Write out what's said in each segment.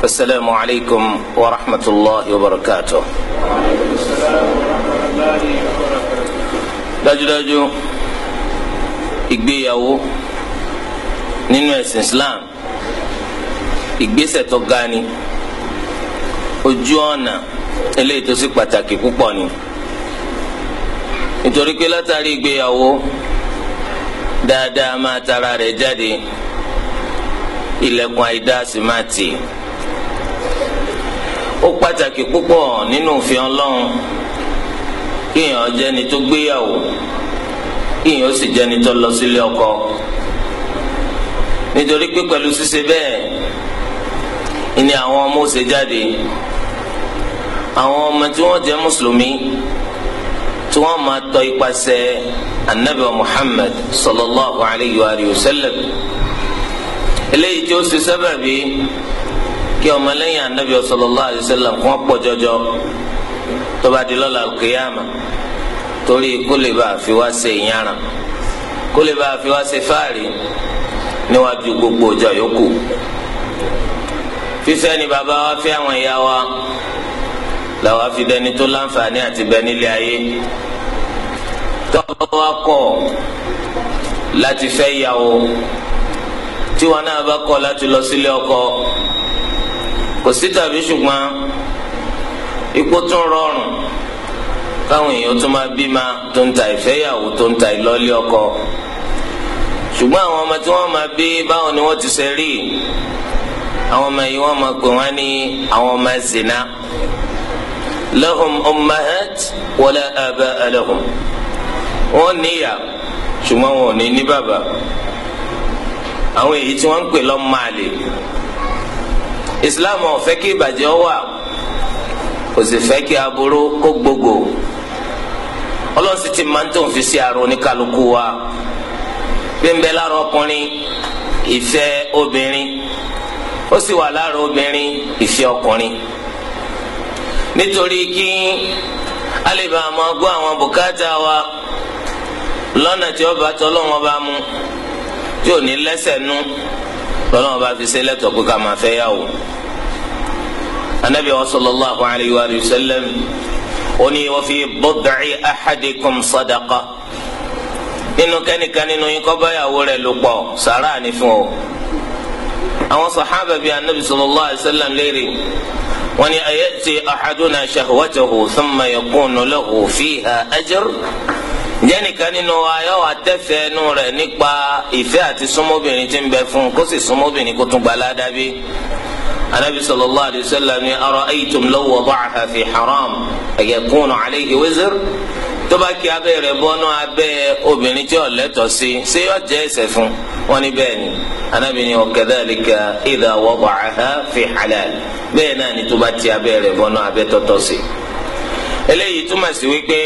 السلام عليكم ورحمة الله وبركاته dájúdájú ìgbéyàwó nínú ẹ̀sìn Islam ìgbésẹ̀ tó ga ni ojú ọ̀nà eléyìí tó sì pàtàkì púpọ̀ ni nítorí pé látàrí ìgbéyàwó dáadáa máa tara rẹ̀ jáde ilẹ̀kùn àìdá sì máa tì í ó pàtàkì púpọ̀ nínú òfin ọlọ́run kíyàn jẹ́ni tó gbéyàwó kíyàn ó sì jẹ́ni tó lọ sílé ọkọ nítorí pé pẹ̀lú ṣíṣe bẹ́ẹ̀ ni àwọn ọmọ ṣe jáde àwọn ọmọ tí wọ́n jẹ́ mùsùlùmí tí wọ́n máa tọ ipasẹ̀ anabi muhammad sallallahu alayhi wa sallam eléyìí tí ó ṣe sábàbí kí ọmọlẹ́yìn anabi sallallahu alayhi wa sallam kún ọ̀pọ̀ jọjọ tó bá di lọ́la alqiyama torí kó lè bá a fi wá ṣe ìyára kó lè bá a fi wá ṣe fáàrí níwájú gbogbo ọjọ́ yòókù fífẹ́ ni bàbá wa fẹ́ àwọn ìyá wa làwa fi dẹni tó láǹfààní àti bẹ nílé ayé tọ́wọ́ wa kọ̀ láti fẹ́ ìyàwó tí wọn náà bá kọ̀ láti lọ sílé ọkọ kò sí tàbí ṣùgbọ́n ipò tún rọrùn káwọn èèyàn tún máa bí ma tó ń ta ìfẹ́yàwó tó ń ta ìlọ́lé ọkọ ṣùgbọ́n àwọn ọmọ tí wọ́n máa bí báwọn ni wọ́n ti ṣe rí àwọn ọmọ yìí wọ́n máa pè wọ́n ní àwọn ọmọ zina lahum ummahat wala abaa lahum wọ́n níyà ṣùgbọ́n wọn ò ní ní bàbá àwọn èyí tí wọ́n ń pè lọ́mọ àlè islam ò fẹ́ kí ìbàjẹ́ wà kò sì fẹ́ kí aburú kó gbogbo ọlọ́run sì ti máa ń tó fi sí àrùn oníkálukú wa bí ń bẹ lára ọkùnrin ìfẹ́ obìnrin ó sì wà lára obìnrin ìfẹ́ ọkùnrin nítorí kí a lè gbọ́ àwọn bùkátà wa lọ́nà tí ó bá tọ́ lọ́wọ́ bá mu tí ò ní lẹ́sẹ̀ nú lọ́nà bá fi ṣe lẹ́tọ̀ọ́ pé ká máa fẹ́ yàwó anabi wa sallallahu alayhi wa sallam oni wa fi bud'i ahadikum sadaqa nínú kẹ́nìkan nínú yín kó bá yàwó rẹ̀ lò pọ̀ sàrà ni fún o àwọn sàhábà bíi anabi sallallahu alayhi wa sallam léèrè wọ́n ní ayati ahaduna shahwatahu thumma yakunu lahu fiha ajr ǹjẹ́ nìkan nínú wa yọ wá tẹ́fẹ́ ẹnu rẹ̀ nípa ìfẹ́ àti súnmọ́bìnrin tí ń bẹ fún un kó sì súnmọ́bìnrin kó tún gba ládàbí. anabi sallallahu alayhi wa sallam ni ara'aytum law wada'aha fi haram ayakunu alayhi wizr tó bá kí abẹ́ rẹ̀ bọ́nú abẹ́ obìnrin tí ó lẹ́tọ̀ọ́ sí ṣé yóò jẹ́ ẹ̀ṣẹ̀ fún wọn ní bẹ́ẹ̀ ni anabi ni wakadhalika idha wada'aha fi halal bẹ́ẹ̀ náà ni tó bá ti abẹ́ rẹ̀ bọ́nú abẹ́ tọ́tọ́ sí. eléyìí túmọ̀ sí wípé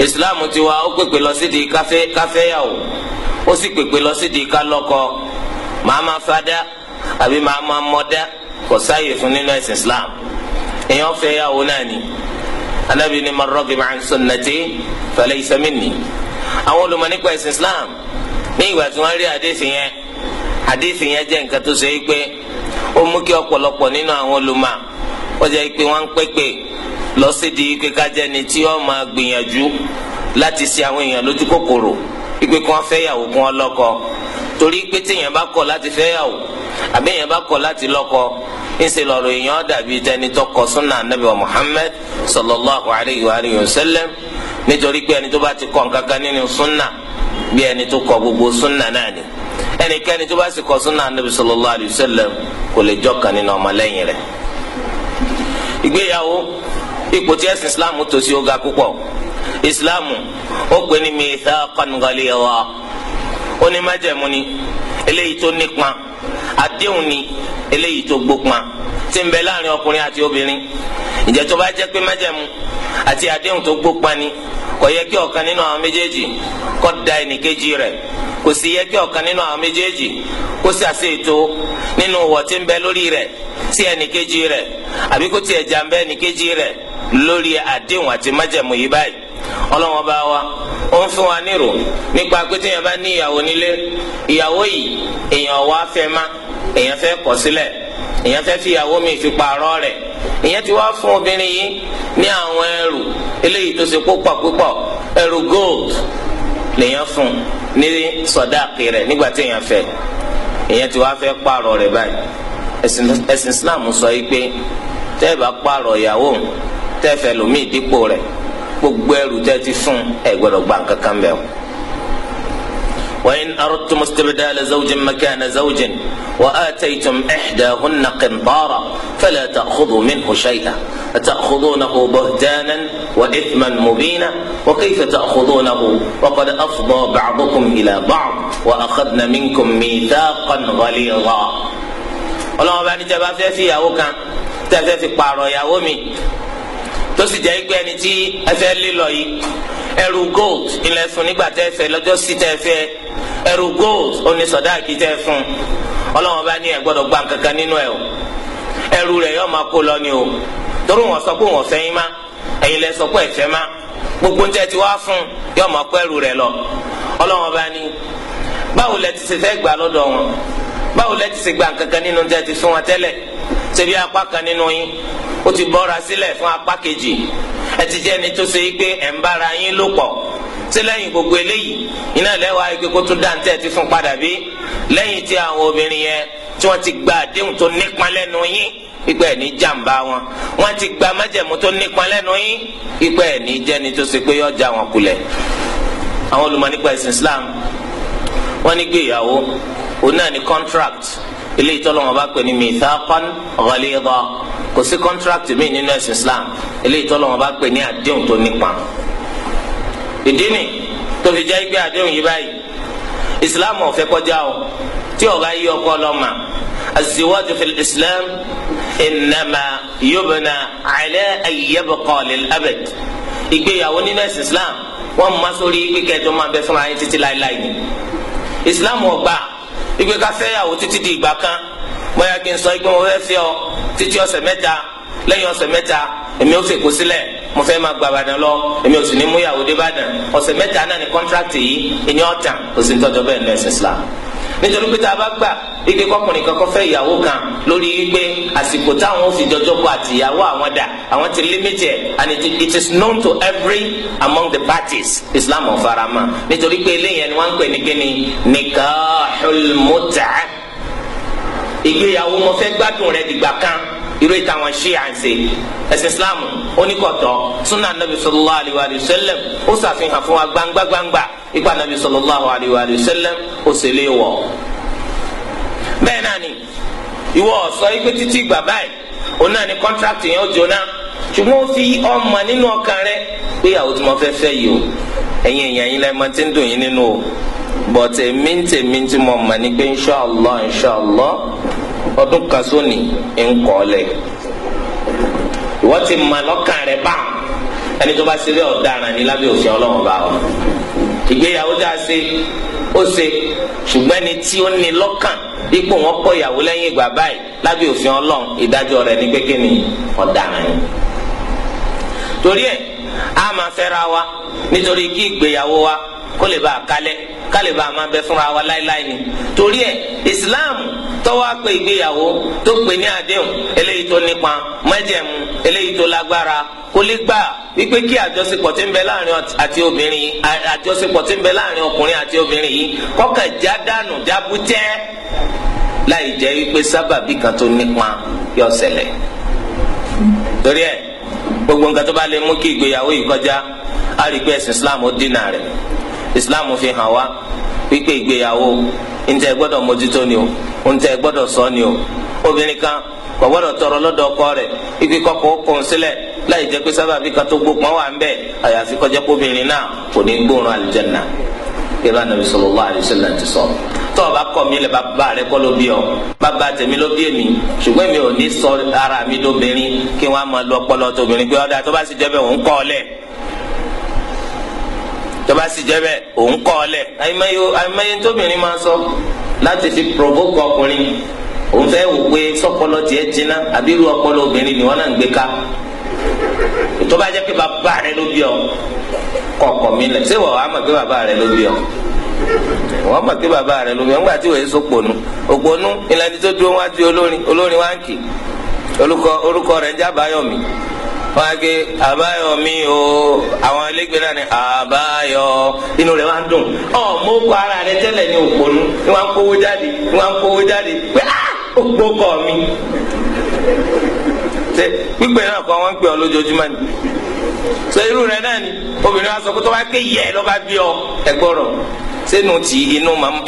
islam ti wa ó pèpè lọ sídìí káfẹ́yàwó ó sì pèpè lọ sídìí kálọ́kọ màá ma fada àbí màá ma mọ́dá kò sáàyè fún nínú ẹ̀sìn islam èèyàn fẹ́yàwó náà ni anabi ni man raghiba an sunnati falaysa minni àwọn olùmọ̀ nípa ẹ̀sìn islam ní ìgbà tí wọ́n rí àdéhìí yẹn àdéhìí yẹn jẹ́ nǹkan tó ṣe é pé ó mú kí ọ̀pọ̀lọpọ̀ nínú àwọn olùmọ̀ ó jẹ́ pé wọ́n ń pépè lọ sí di ike kájẹ ni tí ó máa gbìyànjú láti ṣe àwọn èèyàn lójú kòkòrò ipe kan wọn fẹ́yàwó kí torí pé téèyàn bá kọ̀ láti fẹ́yàwó àbí èèyàn bá kọ̀ láti súnà wa muhammed sallallahu alayhi wa alayhi wa kọ̀ nínú súnà bí ẹni tó gbogbo súnà náà ni ẹnikẹ́ni tó bá kọ̀ súnà sallallahu alayhi wa sallam kò lè ipò tí ẹ̀sìn Islamu tó sí ó ga púpọ̀ islam ó pè ní mithaqan ghalidha ó ní májẹ̀mú ni eléyìí tó nípa àdéhùn ni eléyìí tó gbópa tí ń bẹ láàrin ọkùnrin àti obìnrin ìjẹ́ tó bá jẹ́ pé májẹ̀mú àti àdéhùn tó gbópa ni kò yẹ kí ọ̀kan nínú àwọn méjèèjì kó da ẹnìkejì rẹ̀ kò sì yẹ kí ọ̀kan nínú àwọn méjèèjì kó sì ètò nínú wọ̀ tí ń bẹ lórí rẹ̀ sí ẹnìkejì rẹ̀ àbí kó tiẹ̀ jàǹbá ẹnìkejì rẹ̀ lórí àdéhùn àti májẹ̀mú yìí báyìí ọlọ́wọ́n bá wa ó ń fún wa nírò nípa pé téèyàn bá ní ìyàwó nílé ìyàwó yìí èèyàn wá fẹ́ má èèyàn fẹ́ kọ̀ sílẹ̀ èèyàn fẹ́ fi ìyàwó mi fi pààrọ̀ rẹ̀ ìyẹn ti wá fún obìnrin yìí ní àwọn ẹrù eléyìí tó ṣe púpọ̀ púpọ̀ ẹrù gold lèèyàn fún ní sọ̀dáàkì rẹ̀ nígbà téèyàn fẹ́ ìyẹn ti wá fẹ́ pààrọ̀ rẹ̀ báyìí ẹ̀sìn Islam sọ yìí pé tẹ́ẹ̀ bá pààrọ̀ ìyàwó tẹ́fẹ̀ lómi ìdípò rẹ̀ gbogbo ẹrù tẹ́ ti fún ẹ gbọ́dọ̀ gba nǹkan kan o. وإن أردتم استبدال زوج مكان زوج وآتيتم إحداهن قنطارا فلا تأخذوا منه شيئا أتأخذونه بهتانا وإثما مبينا وكيف تأخذونه وقد أفضى بعضكم إلى بعض وأخذن منكم ميثاقا غليظا. ọlọ́run bá ní tẹ́ bá fẹ́ fi ìyàwó kan tẹ́ fi mi tó sì jẹ́ pé ẹni tí ẹ fẹ́ yìí ẹrù gold ilẹ̀ fún nígbà tẹ́ fẹ́ lọ́jọ́ sí tẹ́ fẹ́ ẹrù gold oní sọ̀dáàkì tẹ́ fún ọlọ́wọ́n bá ní ẹ gbọ́dọ̀ gba kankan nínú ẹ o ẹrù rẹ̀ yọ máa kó lọ ni o torí wọn sọ pé wọn fẹ́ yín má ẹ̀yin lẹ sọ pé ẹ̀fẹ́ má gbogbo ń tẹ́ ti wá fún yọ máa kó ẹrù rẹ̀ lọ ọlọ́wọ́n bá ní báwo lẹ ti ṣe fẹ́ gbà lọ́dọ̀ wọn báwo lẹ ti ṣe gba nǹkankan nínú tẹ ti fún wa tẹ́lẹ̀ ṣebí apá kan nínú yín ó ti bọ́ra sílẹ̀ fún apá kejì ẹ ti jẹ́ ẹni tó ṣe pé ẹ̀ ń bára yín lò pọ̀ ṣé lẹ́yìn gbogbo eléyìí iná lẹ́wọ̀ ayé kó tún dáńtẹ́ ti fún padà bí lẹ́yìn tí àwọn obìnrin yẹn tí wọ́n ti gba àdéhùn tó nípa lẹ́nu yín ìpẹ́ ẹ̀ ní jàǹbá wọn wọ́n ti gba májẹ̀mú tó nípa lẹ́nu yín ìpẹ́ ẹ̀ ní jẹ́ni tó ṣe pé yọjà wọn kulẹ̀ àwọn olùmọ̀ nípa ẹ̀sìn Islam wọ́n ní gbéyàwó òun náà ni contract ilé ìtọ́lọ́wọ́n bá pè ní mithaqan ghalidha kò sí contract mi nínú ẹ̀sìn Islam ilé ìtọ́lọ́wọ́n bá pè ní àdéhùn tó nípa ìdí ni tó fi jẹ́ pé àdéhùn yìí báyìí Islam ò fẹ́ kọjá o tí ọ̀gá yí ọkọ lọ́mà az-ziwaju fil Islam innama yubna ala an lil abad ìgbéyàwó nínú ẹ̀sìn Islam wọ́n mú masórí pé kẹjọ máa bẹ fúnra yín títí láéláé ni Islam ò igbe ká fẹ́yàwó títí di ìgbà kan bóyá kí n sọ igbe mo fẹ́ fẹ́ ọ títí ọ̀sẹ̀ mẹ́ta lẹ́yìn ọ̀sẹ̀ mẹ́ta èmi ò fèkó sílẹ̀ mo fẹ́ máa gba lọ èmi ò sì ní múyàwó dé bàdàn ọ̀sẹ̀ mẹ́ta náà ni kọ́ńtrákìtì yìí ìní ọ̀tàn kò sí ní tọ́jọ́ bẹ́ẹ̀ ní ẹ̀sìn Islam nítorí pé tá a bá gbà ike kọkùnrin kankan fẹ́ ìyàwó kan lórí wípé àsìkò táwọn ò fi jọjọ́ kọ àti àwọn dà àwọn ti limit ẹ̀ and it, it is known to every among the parties Islam ò fara mọ́ nítorí pé eléyẹn ni wọ́n ń pè ní kíni nikahul ìgbéyàwó mo fẹ́ gbádùn rẹ̀ dìgbà kan irú ìta wọn ṣí à ń ṣe ẹsẹ islam oníkọtọ sunan nabi sallallahu alayhi wa sallam ó ṣàfihàn fún wa gbangba gbangba ipa nabi sallallahu alayhi wa sallam ó sì lè wọ̀ bẹ́ẹ̀ náà ni ìwọ sọ ipe títí gbà báyìí òun náà ni kọ́ńtrákìtì yẹn ó jóná ṣùgbọ́n fi ọmọ nínú ọkàn rẹ pé àwọn tí mo fẹ́ fẹ́ yìí o ẹ̀yin èèyàn yín lẹ́ẹ̀ máa ti ń dùn yín nínú o but èmi ń tèmi tí mo mọ̀ ní pé inṣọ́ọ̀lọ́ inṣọ́ọ̀lọ́ ọdún kan sóni ń kọ́ lẹ̀ ìwọ́n ti mọ̀ lọ́kàn rẹ bá ẹni tó bá ṣe lé ọ̀daràn ní lábẹ́ òfin ọlọ́run bá ọ ìgbéyàwó tá a ṣe ó ṣe ṣùgbọ́n ẹni tí ó ní lọ́kàn dípò wọn kọ ìyàwó lẹ́yìn ìgbà báyìí lábẹ́ òfin ọlọ́run ìdájọ́ rẹ̀ ní pé ọ̀daràn yìí torí ẹ̀ a máa fẹ́ra wa nítorí kí ìgbéyàwó wa kó lè bá a ká lè bá a bẹ fúnra wa láéláé ni torí ẹ̀ Islam tó wá pé ìgbéyàwó tó pè ní àdéhùn eléyìí tó nípa mẹ́jẹ̀mú eléyìí tó lágbára kò lè gbà wípé kí àjọṣepọ̀ tí ń bẹ láàrin àti obìnrin àjọṣepọ̀ tí ń bẹ láàrin ọkùnrin àti obìnrin yìí kọ́kàn já dànù jábútẹ́ láì jẹ́ wípé sábàbí kan tó nípa yọ ṣẹlẹ̀ torí ẹ̀ gbogbo nǹkan tó bá lè mú kí ìgbéyàwó yìí kọjá a rí pé ẹ̀sìn islam ó dínà rẹ̀ islam fi hàn wá wípé ìgbéyàwó ntẹ gbọ́dọ̀ mójútó ni o ntẹ gbọ́dọ̀ ṣọ́ ni o obìnrin kan kò gbọ́dọ̀ tọrọ lọ́dọ̀ ọkọ rẹ̀ ikú kọkọ kún sílẹ̀ láì jẹ́ pé sábàbí kan tó gbópọn wà ń bẹ àyàfi kọjá kóbìnrin náà kò ní gbóòórùn àlùjánnà kí ẹ bá nàbí ti sọ tó o bá kọ mi lẹ bàbá rẹ kọ́ ló bí ọ bàbá tèmi ló bí èmi ṣùgbọ́n mi ò ní sọ ara mi lóbìnrin kí wọ́n á máa lọ ọpọlọ tóbìnrin pé ọ̀dà tó bá sì jẹ́ bẹ́ẹ̀ òun kọ́ ọ lẹ̀ tó bá sì jẹ́ bẹ́ẹ̀ òun kọ́ ọ lẹ̀ àìmọye tóbìnrin máa sọ láti fi provoke ọkùnrin òun fẹ́ wò pé sọpọlọ tiẹ̀ jiná àbí irú ọpọlọ obìnrin ni wọ́n náà ń gbé ká tó bá jẹ́ pé bàbá rẹ ló bí ọ kọ̀ọ̀kọ̀ mi lẹ̀ ṣé wọ́n á mọ̀ pé bàbá rẹ ló bí ọ wọ́n mọ̀ pé bàbá rẹ̀ lómi ọ̀ngbà tí wòye sọ̀pọ̀nù òpònú ìlànà tó dúró wá ju olórin olórin wá ń kì orúkọ orúkọ rẹ̀ ń jẹ́ àbáyọ̀mí wọ́n á gé àbáyọ̀mí o àwọn ẹlẹ́gbẹ́ náà ni àbáyọ̀ inú rẹ̀ wá ń dùn ọ̀ mọ́ kó ara rẹ̀ tẹ́lẹ̀ ní òpònú ni wọ́n á kówó jáde ni wọ́n á kówó jáde pé á ah, ó gbókọ̀ mi ṣe gbígbẹ náà kọ́ wọ́n ń pè ọ lójoojúmọ́ ni ṣe irú rẹ̀ náà ni obìnrin wa sọ pé tó bá ké yẹ lọ́ bá bí ọ ẹ̀gbọ́rọ̀ sínú ti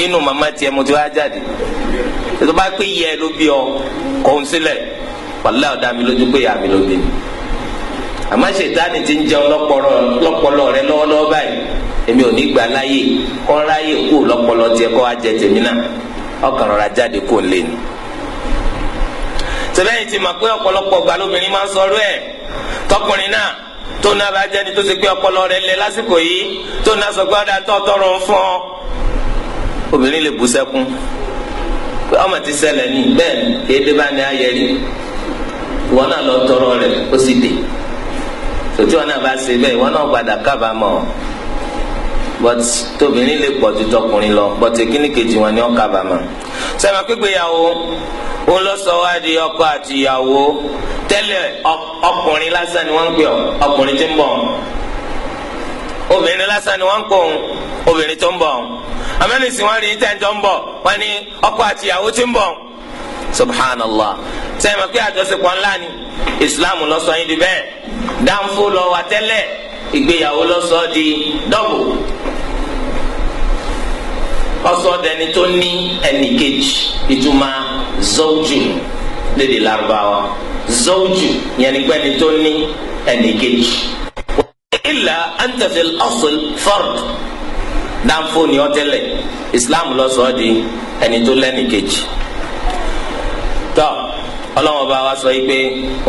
inú mama tiẹ̀ mo ti wá jáde tó bá pé yẹ ló bí ọ kò ń sílẹ̀ wàlá ọ̀dà mi lójú pé yà mí ló bí àmọ́ ṣètánì ti ń jẹun lọ́pọlọ rẹ lọ́wọ́lọ́wọ́ báyìí èmi ò ní gbà láyè kọ́ tiẹ̀ kọ́ ti mọ̀ pé ọ̀pọ̀lọpọ̀ gbà lóbìnrin máa ń tó náà bá jẹ́ ni tó ṣe pé ọpọlọ rẹ lẹ lásìkò yìí tó sọ pé ọ̀dà tó tọrọ ń fún ọ. obìnrin lè bú sẹ́kún pé ọmọ ti ṣẹlẹ̀ ní bẹ́ẹ̀ ni bá ní ayẹ rí ìwọ náà but tóbìnrin lè pọ̀ ju tọkùnrin lọ but èkíní kejì wọn ni wọn kábàámọ̀. sẹ́mi pípé ìyàwó ó lọ sọ wá di ọkọ àti ìyàwó tẹ́lẹ̀ ọkùnrin lásán ni wọ́n ń pè ọ́ ọkùnrin tí ń bọ̀ obìnrin lásán ni wọ́n ń pò ń obìnrin tó ń bọ̀ amẹ́nìsìn wọn rí tẹ́ńtọ́ ń bọ̀ wọn ni ọkọ àti ìyàwó tí ń bọ̀ subhanallah sẹ́mi pé àjọṣepọ̀ ńlá ni islam lọ sọ yín di bẹ́ẹ̀ dáńfó lọ wà tẹ́lẹ̀ ìgbéyàwó lọ́sọ̀ di dọ́bù ọsọdẹni tó ní ẹnì kejì ìtumọ̀ zọ́ọ̀jù lédè Lárúbáwá zọ́ọ̀jù yẹn nípa ẹni tó ní ẹnì kejì. ilà antafil ọ̀sùn fard dáńfó ni ọ tẹ́lẹ̀ Islam lọ́sọ̀ọ́ di ẹni tó lẹ́nì kejì. tọ́ ọlọ́wọ́n bá wa sọ yìí pé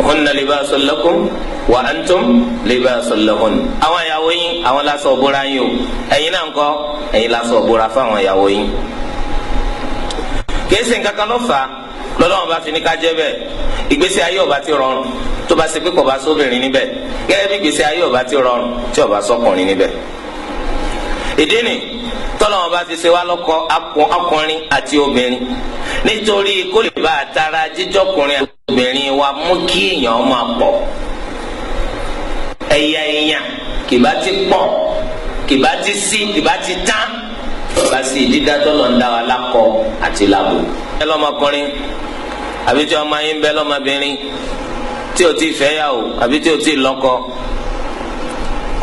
hunna libasun lakum wa antum libasun lahun. àwọn ìyàwó yín àwọn lásán òbúra yín o ẹ̀yin náà ń kọ́ ẹ̀yin lásán òbúra fáwọn ìyàwó yín. kìí ṣe nǹkan kan ló fà á lọ́lọ́wọ́n bá fi ní ká jẹ́ bẹ́ẹ̀ ìgbésí ayé ọba ti rọrùn tó bá ṣe pé kò bá sóbìnrin níbẹ̀ gẹ́gẹ́ bí ìgbésí ayé ọba ti rọrùn tí ọba sọkùnrin níbẹ̀ ìdí ni tọ́lọ́wọ́n bá fi ṣe wá lọ́kọ ọkùnrin àti obìnrin nítorí kó lè bá àtàrà jíjọkùnrin àti obìnrin wa mú kí èèyàn máa pọ̀ ẹ̀yà èèyàn kìbá ti pọ̀ kìbá ti sí kìbá ti tán bá sí dídá tọ́lọ̀ ń dá wa lákọ àti lábo. ẹ lọ́mọkùnrin àbí tí ọmọ yín bẹ́ lọ́mọbìnrin tí o ti fẹ́ yà o àbí tí o ti lọ́kọ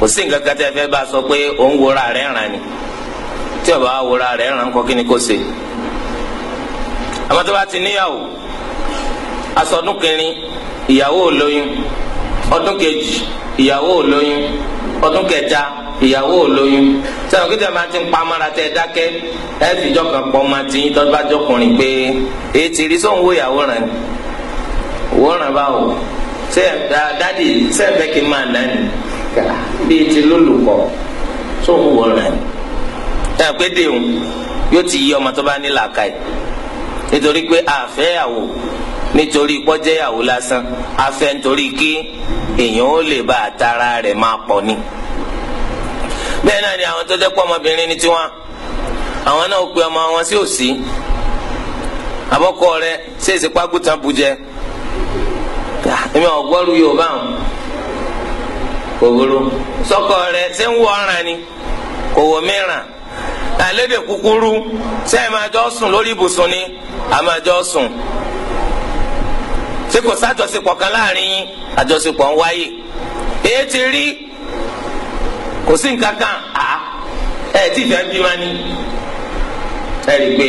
kò sí nǹkan kan fẹ́ bá a sọ pé òun wòra rẹ̀ ràn ni tí ọba wòra rẹ̀ ràn kọ́ kí ni kò ṣe àmọ́ tó bá ti níyàwó aṣọ ọdún kẹrin ìyàwó olóyún ọdún kejì ìyàwó olóyún ọdún kẹta ìyàwó olóyún ti ń pamọ́ra tẹ́ dákẹ́ ẹ fìjọ kan máa ti yín tọ́jú bá jọkùnrin pé ètí rí sóhun ìyàwó rẹ̀ báwo sẹ́ẹ̀ dáàdì bíi ti lólùkọ́ tó ń wò rẹ̀ ẹ̀ pé déhùn yóò ti yí ọmọ tó bá ní làákàyè nítorí pé àfẹ́yàwó nítorí kọjẹ́yàwó lásán afẹ́ nítorí kí èèyàn ó lè bá àtàrà rẹ̀ máa pọ̀ ni. bẹ́ẹ̀ náà ni àwọn tó jẹ́ pọ́ ọmọbìnrin ni tiwọn àwọn náà pe ọmọ wọn sí òsì àbọ̀kọ rẹ̀ ṣèṣe pákútàn bùjẹ́ èmi ọ̀gbọ́rú Yorùbá àwọn kò burú sọkọ rẹ ṣé ń wọ ọ̀ràn ni kò wọ mìíràn àlédè kúkúrú ṣé ẹ máa jọ sùn lórí ibùsùn ni a máa jọ sùn ṣé kò sájọṣepọ̀ kan láàrin yín àjọṣepọ̀ ń wáyé èyí ti rí kò sí nǹkan kan à ẹ tí fẹ́ bí wá ní ẹ̀rí pé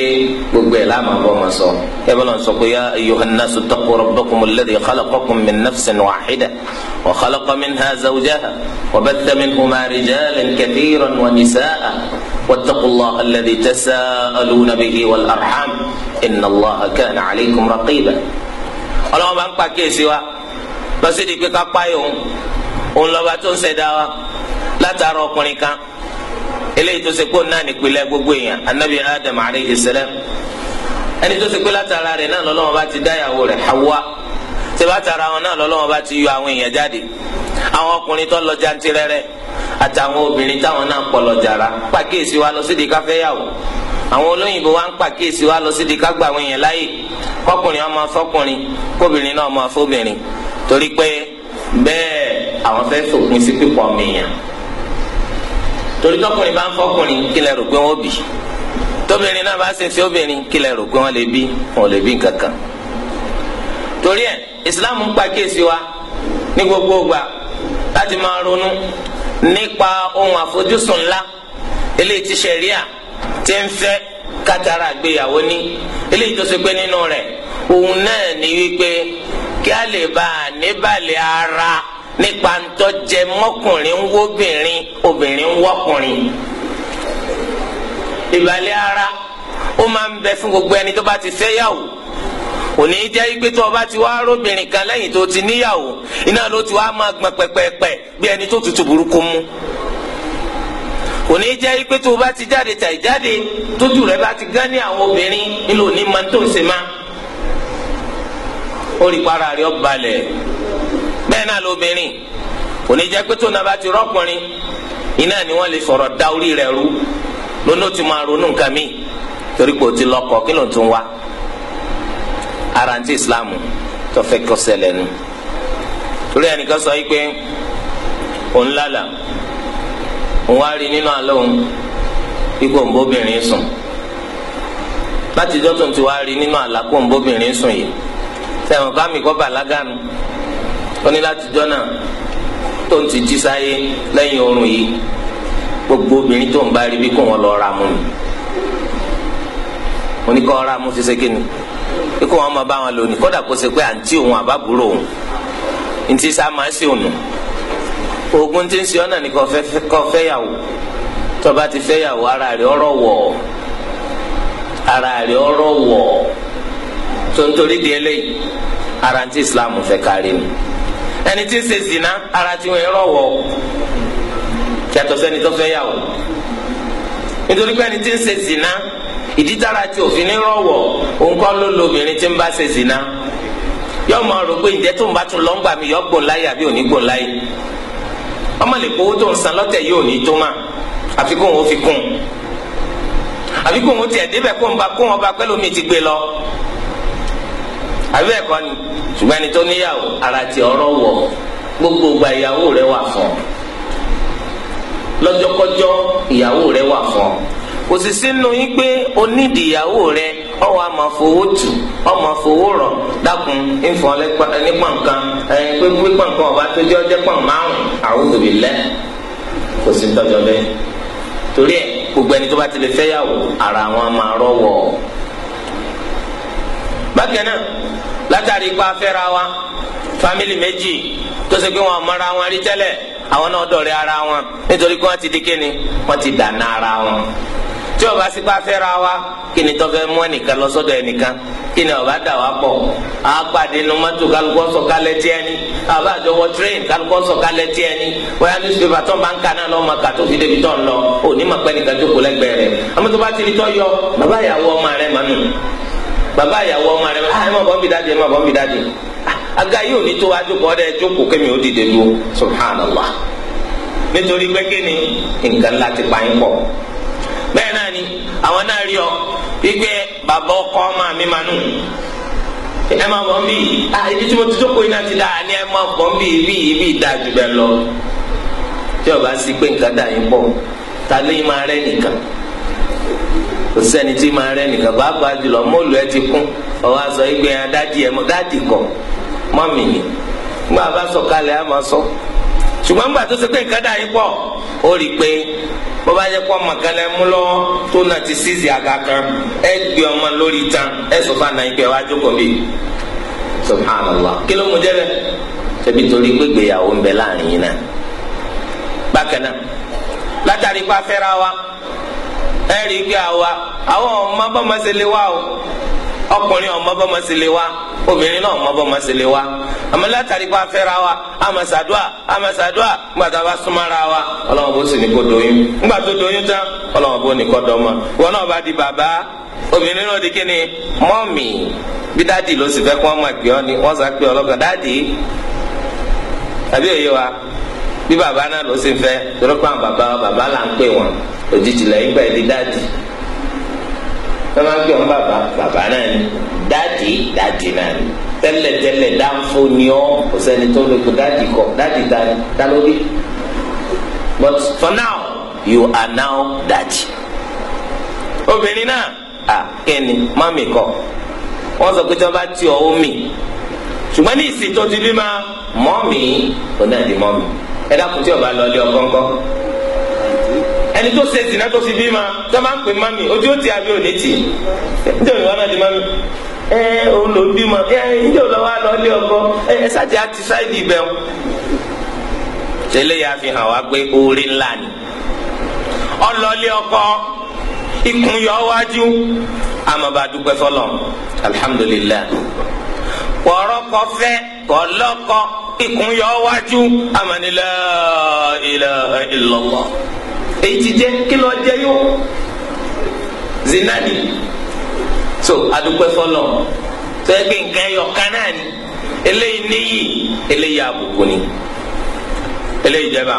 gbogbo ẹ̀ láàmú ọkọ ma sọ ẹ bọ́lá sọ pé ya ayyuhan nasu taqu rabbakum alladhi khalaqakum min nafsin wahida wa khalaqa minha zawjaha wa batha minhuma rijalan kathiran wa nisaa wattaqu allaha alladhi tasaaluna bihi wal arham inna allaha kana alaykum raqiba. ọlọ́wọ́n bá ń pa kéèsì wa lọ pé ká pààyàn òun lọ́ba tó ń ṣẹ̀dá wa látara ọkùnrin kan. eléyìí tó se pé náà nípìnlẹ̀ gbogbo èèyàn anabi adam aleyhi salam ẹni tó ṣe pé látara rẹ náà lọ́lọ́wọ́n bá ti dá ìyàwó hawa ṣe tara wọn náà lọ́lọ́wọ́n bá ti yọ àwọn èèyàn jáde àwọn ọkùnrin tó lọ àtàwọn obìnrin táwọn náà pọ̀ jara, jàrá pàkíyèsí wa lọ àwọn olóyìnbó wa ń wa lọ kágbà àwọn èèyàn kọkùnrin ọmọ afọkùnrin kóbìnrin náà ọmọ afọbìnrin torí pé bẹ́ẹ̀ àwọn fẹ́ fòpin sí torí tọkùnrin bá ń fọkùnrin kí lẹ rò pé wọn bì tóbìnrin náà bá ṣe ti obìnrin kí lẹ rò pé wọn lè bí wọn lè bí nǹkan torí ẹ islam ń pa kíyèsí wa ní gbogbo ìgbà láti máa ronú nípa ohun àfojúsùn ńlá eléyìí ti ṣẹ̀ríà ti ń fẹ́ kátàrà àgbéyàwó ní eléyìí tó ṣe pé nínú rẹ̀ òun náà ní wípé kí a lè bá a níbàlẹ̀ ara nípa ntọ́jẹ mọ́kùnrin ń wóbìnrin obìnrin ń wọ́kùnrin ìbàlẹ̀ ara ó máa ń bẹ fún gbogbo ẹni tó bá ti fẹ́yàwó òní jẹ́ igbe tó o bá ti wá róbìnrin kan lẹ́yìn tó ti níyàwó iná ló ti wá máa gbọ̀n pẹ́pẹ́pẹ́ bí ẹni tó tutù burúkú mú òní jẹ́ igbe tó o bá ti jáde tàì jáde tójú rẹ bá ti gán ní àwọn obìnrin nílò ní máa má ó rí para rẹ ọ balẹ̀. bẹ́ẹ̀ náà lóbìnrin kò jẹ́ pé tó nàbà ti rọ́kùnrin iná ni wọ́n lè sọ̀rọ̀ da orí rẹ̀ rú máa ronú o ti lọ́kọ kí ló ń tún ara ń Islam tó fẹ́ kọ́ ṣẹlẹ̀ nu torí ẹnìkan sọ yìí pé òun lálà òun wá rí nínú àlọ́ òun sùn tó ń ti wá rí nínú sùn ó ní láti jọ́ náà tó ń ti jí sáyé lẹ́yìn oorun yìí gbogbo obìnrin tó ń bá rí bí kò wọ́n lọ ra mu ni mo ní kọ́ ra mu ti ṣe kíni bí kò wọ́n máa bá wọn lò ní kódà kó ṣe pé àǹtí òun àbábúrò òun ntí sá máa ṣe òun oògùn tí ń ṣe ọ́nà ni kò fẹ́ yàwó tó ti fẹ́ yàwó ara rẹ̀ ọ̀rọ̀ wọ̀ ara rẹ̀ ọ̀rọ̀ wọ̀ tó ń torí di eléyìí ara ntí Islam fẹ́ kárí ni. ẹni tí ń ṣe zina ara tí wọn rọ yà nítorí pé ẹni tí ń ṣe zina ìdí tára tí òfin ní rọwọ òun kọ́ ló lo obìnrin tí ń bá ṣe zina yóò máa rò pé ǹjẹ́ tó ń bá tún lọ ń gbà mí yọ láyé àbí òní láyé san tó mà àfikún fi kún Àfikún tiẹ̀ débẹ̀ bá lọ àbí ẹ̀kọ́ ni ṣùgbọ́n ẹni tó níyàwó ara ti ọ̀rọ̀ wọ̀ gbogbo gba ìyàwó rẹ̀ wà fún ọ lọ́jọ́kọ́jọ́ ìyàwó rẹ̀ wà fún ọ kò sì sínú yín pé onídìí ìyàwó rẹ̀ ọwọ àmà fowó tù ọmọ fowó rọ dákun ìfọ nípa nǹkan ẹyin pé pípa nǹkan ọba tó jẹ ọjẹ pọn márùn a'udhu billah kò sí tọjọ bẹ́ẹ̀ torí ẹ gbogbo ẹni tó bá ti lè fẹ́ yàwó ara wọn máa rọwọ bákan náà látàrí ipa fẹ́ra wa fámìlì méjì tó ṣe pé wọn mọra wọn rí tẹ́lẹ̀ àwọn náà dọ̀rẹ́ ara wọn nítorí pé wọ́n ti di kíni wọ́n ti dànà ara wọn tí o bá sì bá fẹ́ra wa kí ni tọ́fẹ́ mú ẹnìkan lọ sọ́dọ̀ ẹnìkan kí ni ọba dà wá pọ̀ á pàdé nu mọ́tò kálukọ́ sọ̀kalẹ̀ tiẹ̀ ni àbá àjọwọ́ tírẹ̀n kálukọ́ sọ̀kalẹ̀ tiẹ̀ ni wọ́n ní sùpèpà tó ń bá ń kà náà lọ́mọ kà tó fi débi tó ń lọ òní mọ̀ pẹ́ nìkan tó lẹ́gbẹ̀ẹ́ rẹ̀ àmọ́ tó bá ti di tọ́ yọ bàbá ìyàwó ọmọ rẹ̀ mọ́nù bàbá ìyàwó ọmọ rẹ ah, ẹ má bọ́ bí dáàdi ẹ má bọ́ bí dáàdi ah, aga yìí ò ní tó wájú kọ́ dẹ́ jókòó kémi ó dìde lu subhanallah nítorí pé kí ni nǹkan ńlá ti pa yín pọ̀ bẹ́ẹ̀ náà ni àwọn náà rí ọ wípé bàbá ọkọ ọmọ mi máa nù ẹ máa bọ̀ bí ah, ibi tí mo ti jókòó iná ti dà ní ẹ máa bọ̀ bí ibi ibi ìdájú bẹ́ẹ̀ lọ tí ọba sí pé nǹkan dà yín pọ̀ ta ló yín máa rẹ́ nìkan. kò sẹ́ni tí ma rẹ́ nìkan pàápàá jùlọ mọ́ọ̀lù ẹ ti kún ọwọ́ aṣọ ìgbé yẹn dájì ẹ dájì kọ mọ́mì ni gbọ́n àbá sọ kalẹ̀ á máa sọ ṣùgbọ́n gbà tó ṣe pé nǹkan dà yín pọ̀ ó rí i pé bó bá yẹ kó ọmọ kan lẹ mú lọ́wọ́ tó náà ti ṣíṣì àga kan ẹ gbé ọmọ lórí tan ẹ sọ fún àná ìgbẹ́ wájú kò bí subhanallah kí ló mú torí gbégbéyàwó ń bẹ láàrin náà bákan náà látàrí wa ẹ rí i pé àwa àwọn ọmọ bá wa o ọkùnrin ọmọ bá ṣe wa obìnrin náà ọmọ bá ṣe wa àmọ́ látàrí pé a fẹ́ra wa àmàṣàdúà àmàṣàdúà nígbà bá súnmọ́ra wa ọlọ́wọ́n bó sì ní kó doyún nígbà tó doyún tán ọlọ́wọ́n bó ní kó dọ́mọ wọn náà bá di bàbá obìnrin náà di mọ́mì bí dáàdì ló wa bí bàbá náà ló sì fẹ́ torí pé àwọn bàbá bàbá là ń pè wọn òjijì lẹ́yìn gbà ẹni dáàdì wọ́n máa ń pè wọn bàbá bàbá náà ni dáàdì dáàdì náà ni tẹ́lẹ̀tẹ́lẹ̀ dáńfó ni ọ́ kò sẹ́ni tó lè kó dáàdì kọ dáàdì ta ni ta ló dé but for now you are now dáàdì obìnrin náà à kẹ́ni mọ́mì kọ wọ́n sọ pé tí wọ́n bá ti ọ̀ omi ṣùgbọ́n ní ìsìn tó ti bí ma mọ́mì ó náà di mọ́mì ẹ dákun tí o bá lọ ilé ọgọ́ngọ́ ẹni tó ṣe zina tó fi bí ma tó máa ń pè mami ojú ó ti àbí òní tì nítorí wọn náà di mami ẹ òun ló ń bí ma ẹ níjẹ́ òun lọ wá lọ ilé ọgọ́ ẹ ẹ sáàtì á ti sáìdì o. tẹ́lẹ̀ yà fi hàn wá pé orí ńlá ni ọlọ́lé ọkọ ikùn yọ wájú amaba dúpẹ́ fọlọ́ alihamudulilayi kọ̀ọ̀rọ̀ kọfẹ́ ikùn yọ wájú amanilá ilà illallah èyí ti jẹ kí ló jẹ yó zinadi so adúpẹ́ fọlọ́ sẹ́gbẹ́ nǹkan ẹyọ kan náà ni eléyìí níyì eléyìí àbùkù ni eléyìí jẹba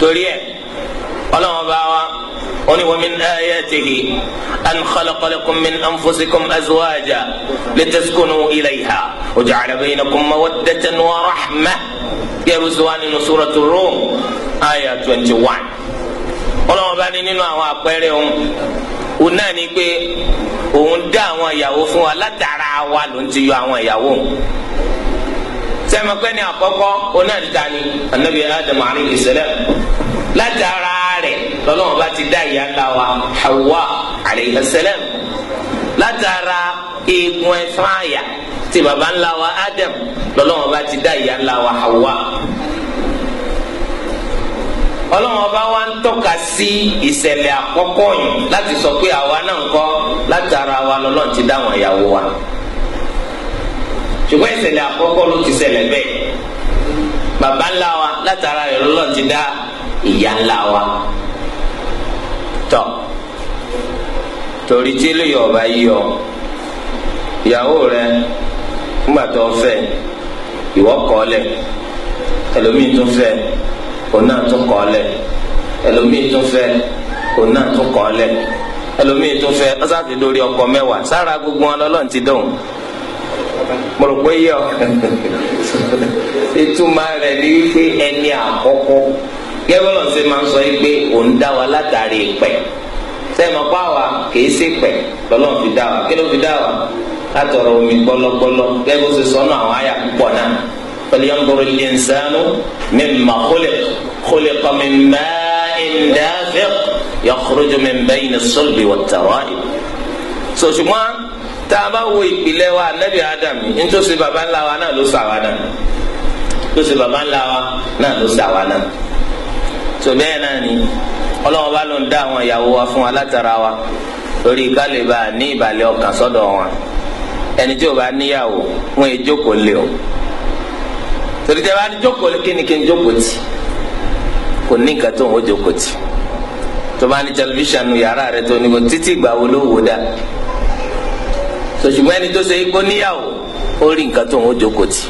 torí ẹ ọlọ́wọ́n bá wa ó ní wa min ayatihi an khalaqa lakum min anfusikum azwaja litaskunu ilayha wa ja'ala baynakum mawaddatan wa rahma yẹ́rù sí wa nínú suratu Rum aya twenty one ọlọ́wọ́n bá ní nínú àwọn àpẹẹrẹ òun ni pé òun dá àwọn ìyàwó fún wa látara wa ló ń ti yọ àwọn ìyàwó ni àkọ́kọ́ òun náà ta ni anabi adam alayhi salam látara lọ́lọ́wọ́n bá ti dá ìyá ńlá wa Hawa alayhi salam látara eegun ẹ̀fọn àyà tí baba ńlá wa Adam lọ́lọ́wọ́n bá ti dá ìyá ńlá wa Hawa ọlọ́wọ́n bá wá ń tọ́ka sí ìṣẹ̀lẹ̀ àkọ́kọ́ yìí láti sọ pé àwa náà ń kọ́ látara wa lọ́lọ́run ti dá àwọn ìyàwó wa ṣùgbọ́n ìṣẹ̀lẹ̀ àkọ́kọ́ ló ti ṣẹlẹ̀ bẹ́ẹ̀ baba ńlá wa látara rẹ̀ lọ́lọ́run ti dá ìyá ńlá wa. tọ torí tí ọba yí ọ ìyàwó rẹ ńgbà tó fẹ́ ìwọ kọ̀lẹ̀ ẹlòmíì tún fẹ́ òun náà tún kọ̀lẹ̀ ẹlòmíì tún fẹ́ òun náà tún ọkọ mẹ́wàá sára gbogbo wọn lọlọrun ti dọ̀hùn mo rò pé yọ ni wípé ẹni àkọ́kọ́. gẹ́gẹ́ ṣe máa ń sọ yìí pé òun dá wa látàrí pẹ̀ sẹ́yìn pa wa kìí ṣe pẹ̀ lọ́lọ́run fi dá wa kí ló fi dá wa látọ̀rọ̀ omi gbọ́lọ́gbọ́lọ́ gẹ́gẹ́ ṣe sọ náà àwọn àyà púpọ̀ náà falyanzur al-insanu mimma khuliq khuliqa min ma'in dafiq yakhruju min bayni as-sulbi wat-tara'ib so ṣùgbọ́n tá a bá wo ìpìlẹ̀ wa anabi adam nítòsí baba ńlá wa náà ló sàwa náà ló baba ńlá wa náà ló sàwa náà tó bẹ́ẹ̀ náà ni ọlọ́run bá ló ń dá àwọn ìyàwó wa fún wa látara wa lórí kálíbà ní ìbàlẹ̀ ọkàn sọ́dọ̀ wọn ẹni tí o bá níyàwó wọn yẹ jókòó lé o torí tẹ bá ní jókòó lé kíni kí n jókòó tì kò ní nǹkan tó ń wọ jókòó tì tó bá ní tẹlifíṣàn nu yàrá rẹ tó ní ko títí ìgbà wo ló wò dá sòṣùgbọ́n ẹni tó ṣe é gbó níyàwó ó rí nǹkan tó ń wọ jókòó tì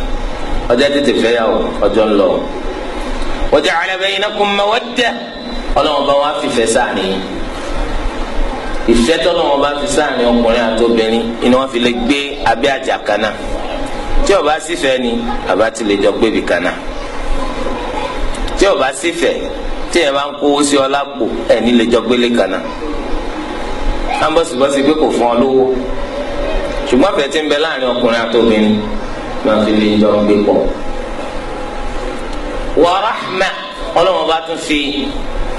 ọjọ́ tètè fẹ́ yàwó ọjọ́ ń wa ja'ala bainakum mawadda ọlọ́wọ́n bá wọn fi fẹ́ sáàrin yìí ìfẹ́ tọ́lọ́wọ́n bá fi sáàrin ọkùnrin àti obìnrin iná wọn fi lè gbé abẹ́ àjà kan náà tí ó bá sì fẹ́ ni àbá ti lè jọ gbé ibì kan náà tí ó bá sì fẹ́ tí ẹ bá ń kówó sí ọ lápò ẹ ní lè jọ gbélé kan á bọ́sibọ́sí pé kò fún ọ lówó ṣùgbọ́n fẹ́ ti ń bẹ láàrin ọkùnrin àti obìnrin máa fi lè jọ gbé pọ̀. warahma ọlọ́wọ́n bá tún fi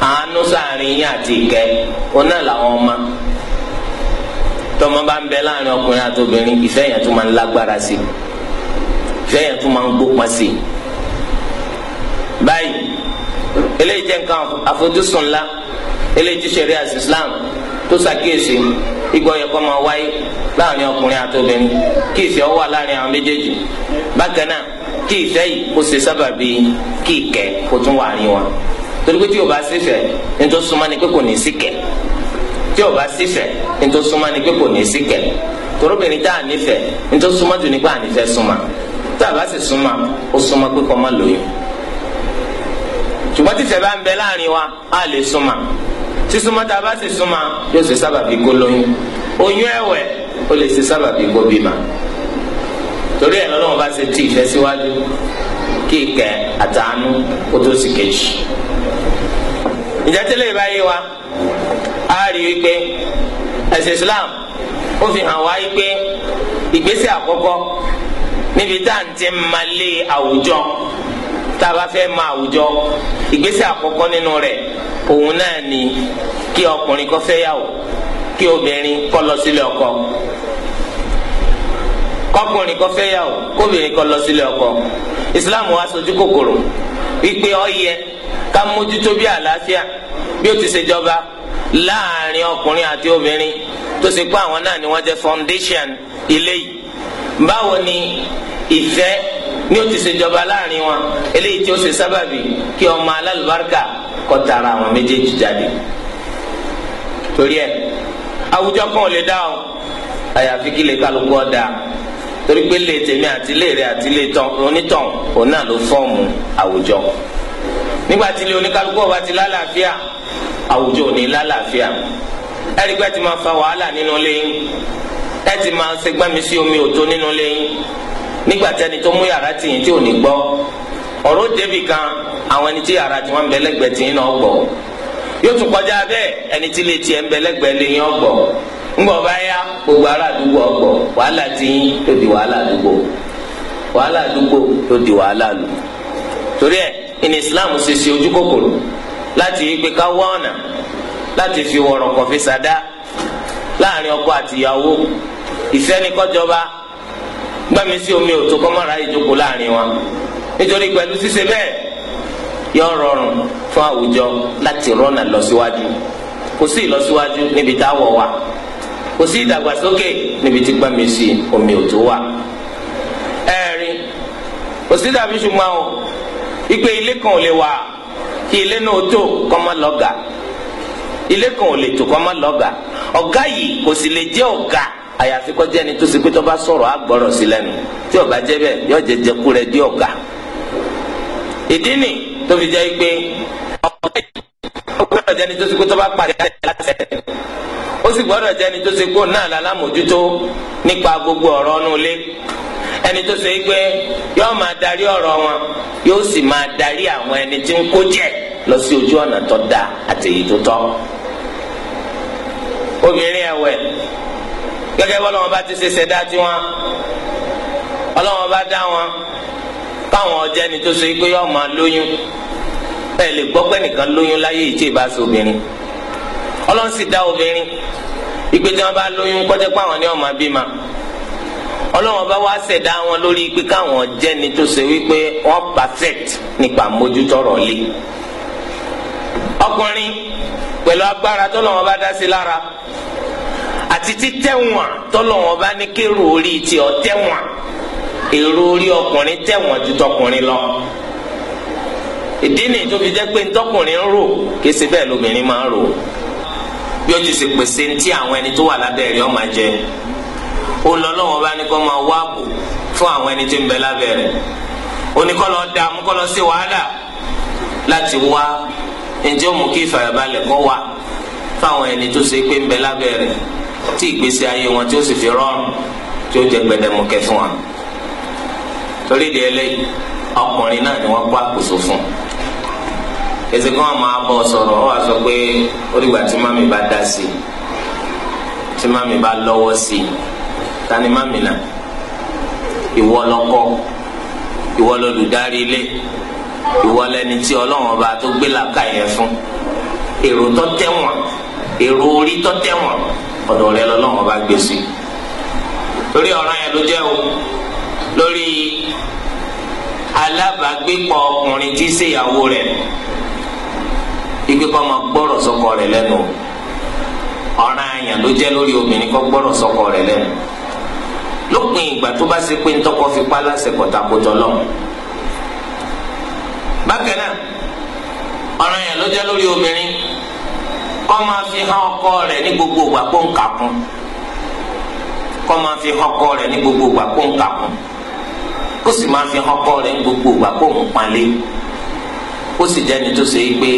àánú sáàrin yín àti ìkẹ́ ọ̀nà làwọn ọmọ tọmọ bá ń bẹ láàrin ọkùnrin àti obìnrin ìfẹ́ yẹn tún máa ń lágbára sí ìfẹ́ yẹn tún máa ń gbópa sí báyìí eléyìí jẹ́ nǹkan àfojúsùn ńlá eléyìí ti ṣẹ̀rí àti Islam tó ṣàkíyèsí igbó yẹ kó máa wáyé láàrin ọkùnrin àti kí ìfẹ́ yìí kó ṣe sábàbí kí ìkẹ́ kó tún wà ní wọn torí pé tí o bá sí fẹ́ nítorí súnmọ́ ni pé kò ní sí kẹ́ tí o bá sí fẹ́ nítorí súnmọ́ ni pé kò ní sí kẹ́ torobìnrin tá a nífẹ̀ nítorí súnmọ́ ju nípa ànífẹ́ súnmọ́ tá a bá sì súnmọ́ ó súnmọ́ pé kọ́ mọ́ lóyún ṣùgbọ́n tí ìfẹ́ bá ń bẹ láàrin wa a lè súnmọ́ sísúnmọ́ tá a bá sì súnmọ́ yóò ṣe sábàbí kó lóyún oyún ẹ̀wẹ̀ ó lè ṣe sábàbí kó bímọ torí ẹ̀ lọ́lọ́wọ́ bá ṣe tí ìfẹ́ síwájú kí ìkẹ́ àtàánú kó tó sì kejì ìjátẹ́lẹ̀ ìbáyé wa a rí i pé ẹ̀sìn Islam ó fi hàn wá yí pé ìgbésẹ̀ àkọ́kọ́ níbi tá à ń ti máa lé àwùjọ tá a bá fẹ́ máa àwùjọ ìgbésẹ̀ àkọ́kọ́ nínú rẹ̀ òun náà ni kí ọkùnrin kó fẹ́yàwó kí obìnrin kó lọ sílé ọkọ kọkùnrin kó fẹ́ yà o kóbìnrin kó lọ sílé ọkọ islam wa sojú kòkòrò wípé ó yẹ ká mójútó bí àlàáfíà bí ó ti ṣe jọba láàrin ọkùnrin àti obìnrin tó ṣe pé àwọn náà ni wọ́n jẹ́ foundation ilé yìí báwo ni ìfẹ́ ni ó ti ṣe jọba láàrin wọn eléyìí tí ó ṣe sábàbí kí ọmọ alálùbáríkà kó tara àwọn méjèèjì jáde torí ẹ àwùjọ kan ò lè dá o àyàfi kí lè kálukú ọ dáa torí pé lè tèmi àti lè rẹ àti lè tán onítàn òun náà ló fọ́ọ̀mù àwùjọ nígbà tí ilé oníkálukú ọba ti lálàáfíà àwùjọ ò ní lálàáfíà ẹ̀rí pé ẹ ti máa fa wàhálà nínú ilé yín ẹ ti máa ṣe gbámi sí omi òtó nínú ilé yín nígbà tí ẹni tó mú yàrá tìyín tí ò ní gbọ́ ọ̀rọ̀ débì kan àwọn ẹni tí yàrá tí wọ́n ń bẹ lẹ́gbẹ̀ẹ́ tìyín náà gbọ́ yóò tún kọjá bẹ́ẹ̀ ẹni tí ilé tiẹ̀ ń bẹ lẹ́gbẹ̀ẹ́ lé yín ńgbọ̀ bá yá gbogbo ará àdúgbò ọgbọ̀ wàhálà ti yín tó di wàhálà àdúgbò wàhálà àdúgbò tó di wàhálà lù torí ẹ̀ ìní Islam ṣe ṣe ojú kòkòrò láti yí pé ká wá ọ̀nà láti fi wọ̀rọ̀ kọ̀fí sadá láàrin ọkọ àtìyàwó ìfẹ́ ni kọjọba gbẹ́mi sí omi òtó kọ́mọ́ra ìjókòó láàrin wa nítorí pẹ̀lú ṣíṣe bẹ́ẹ̀ yọ rọrùn fún àwùjọ láti rọ́nà lọ síwájú kò sí ìlọsíwájú níbi táwọ̀ wa kò sí ìdàgbàsókè níbi tí gbàmí sí omi ò tó wà ẹ̀rin kò sí dàbí ṣùgbọ́n o ipe ilé kan ò lè wà kí ilé náà tó kọ́mọ lọ́gà ilé kan ò lè tó kọ́mọ lọ́gà ọ̀gá yìí kò sì lè jẹ́ ọ̀gá àyàfi kọjá ẹni tó ṣe pé tó bá sọ̀rọ̀ àgbọ̀rọ̀ sí lẹ́nu tí ọba jẹ́ bẹ́ẹ̀ yóò jẹjẹ kú rẹ dí ọ̀gá ìdí nì tó fi jẹ́ pé ọ̀gá yìí kọjá ẹni tó ṣe pé tó bá parí láti ẹ̀ ó sì gbọ́dọ̀ jẹ́ ẹni tó ṣe kó náà lálámójútó nípa gbogbo ọ̀rọ̀ ọ̀nù ilé ẹni tó ṣe pé yóò máa darí ọ̀rọ̀ wọn yóò sì máa darí àwọn ẹni tí ń kó jẹ lọ sí ojú ọ̀nà tó da àti èyí tó tọ́ obìnrin ẹ̀wẹ̀ gẹ́gẹ́ bọ́ lọ́wọ́ bá ti ṣe ṣẹ̀dá tiwọn ọlọ́wọ́n bá dá wọn káwọn ọjẹ́ ni tó ṣe pé yóò máa lóyún ẹ lè gbọ́ pé nìkan lóyún láyé ìtì ìbáṣe obìnrin ọlọ́run sì dá obìnrin ìpè tí wọ́n bá lóyún kọ́jẹ́ pé àwọn ni wọ́n máa bímọ ọlọ́run bá wá ṣẹ̀dá wọn lórí pé káwọn jẹ́ni tó ṣe wípé wọ́n perfect nípa mójútọ́rọ̀ lé ọkùnrin pẹ̀lú agbára tọ́lọ́run bá dá sí lára àti títẹ̀wọ̀n tọ́lọ́run bá ní kérò orí tí ọ tẹ̀wọ̀n èrò orí ọkùnrin tẹ̀wọ̀n ju tọkùnrin lọ ìdí nìyí tó fi jẹ́ pé ntọ́kùnrin ń rò kí ṣe bẹ́ẹ̀ lóbìnrin máa ń rò bí ó ti ṣe pèsè ntí àwọn ẹni tó wà lábẹ́ rẹ̀ ó máa jẹ ó ń lọ lọ́wọ́ bá ní kó máa wá àbò fún àwọn ẹni tó ń bẹ lábẹ́ rẹ̀ ó ní kó lọ dààmú kó sí wàhálà láti wá ǹjẹ́ ó kí ìfàyàbalẹ̀ kó wà fáwọn ẹni tó ṣe pé ń bẹ lábẹ́ rẹ̀ tí ìgbésí ayé wọn tí ó sì fi rọrùn tí ó jẹ gbẹdẹmukẹ fún wa torí ìdí ẹlẹ́yìí ọkùnrin náà ni wọ́n kó àkóso fún un kẹsì kan àwọn abọ sọ̀rọ̀ ọ wà sọ pé ó dìgbà tí mami bá dá sí i tí mami bá lọ́wọ́ sí i tani mami náà ìwọ lọkọ ìwọ lọlùdarí ilé ìwọ lẹni tí Ọlọ́run ọba tó gbé làkà yẹn fún èrò tó tẹ̀wọ̀n èrò orí tó tẹ̀wọ̀n ọ̀dọ̀ rẹ̀ lọ́lọ́run ọba gbé sí lórí ọ̀ràn yẹn ló jẹ́ o lórí alábàágbépọ̀ ọkùnrin tí ṣèyàwó rẹ̀ igbe kọ́ ma gbọ́rọ̀ sọ́kọ rẹ̀ lẹ́nu ọ̀ràn àyàn ló jẹ́ lórí obìnrin kọ́ gbọ́rọ̀ sọ́kọ rẹ̀ lẹ́nu lópin ìgbà tó bá ṣe pé ntọ́kọ fi pa láṣẹ kọ̀tàkùtọ̀ lọ. bákan náà ọ̀ràn àyàn ló jẹ́ lórí obìnrin kọ́ máa fi hàn ọkọ rẹ̀ ní gbogbo ìgbà kó ń kà kún kọ́ fi hàn ọkọ rẹ̀ ní gbogbo ìgbà kó ń kà kó sì máa fi hàn ọkọ rẹ̀ ní gbogbo ìgbà kó ń palẹ̀ kó sì jẹ́ni tó ṣe é pé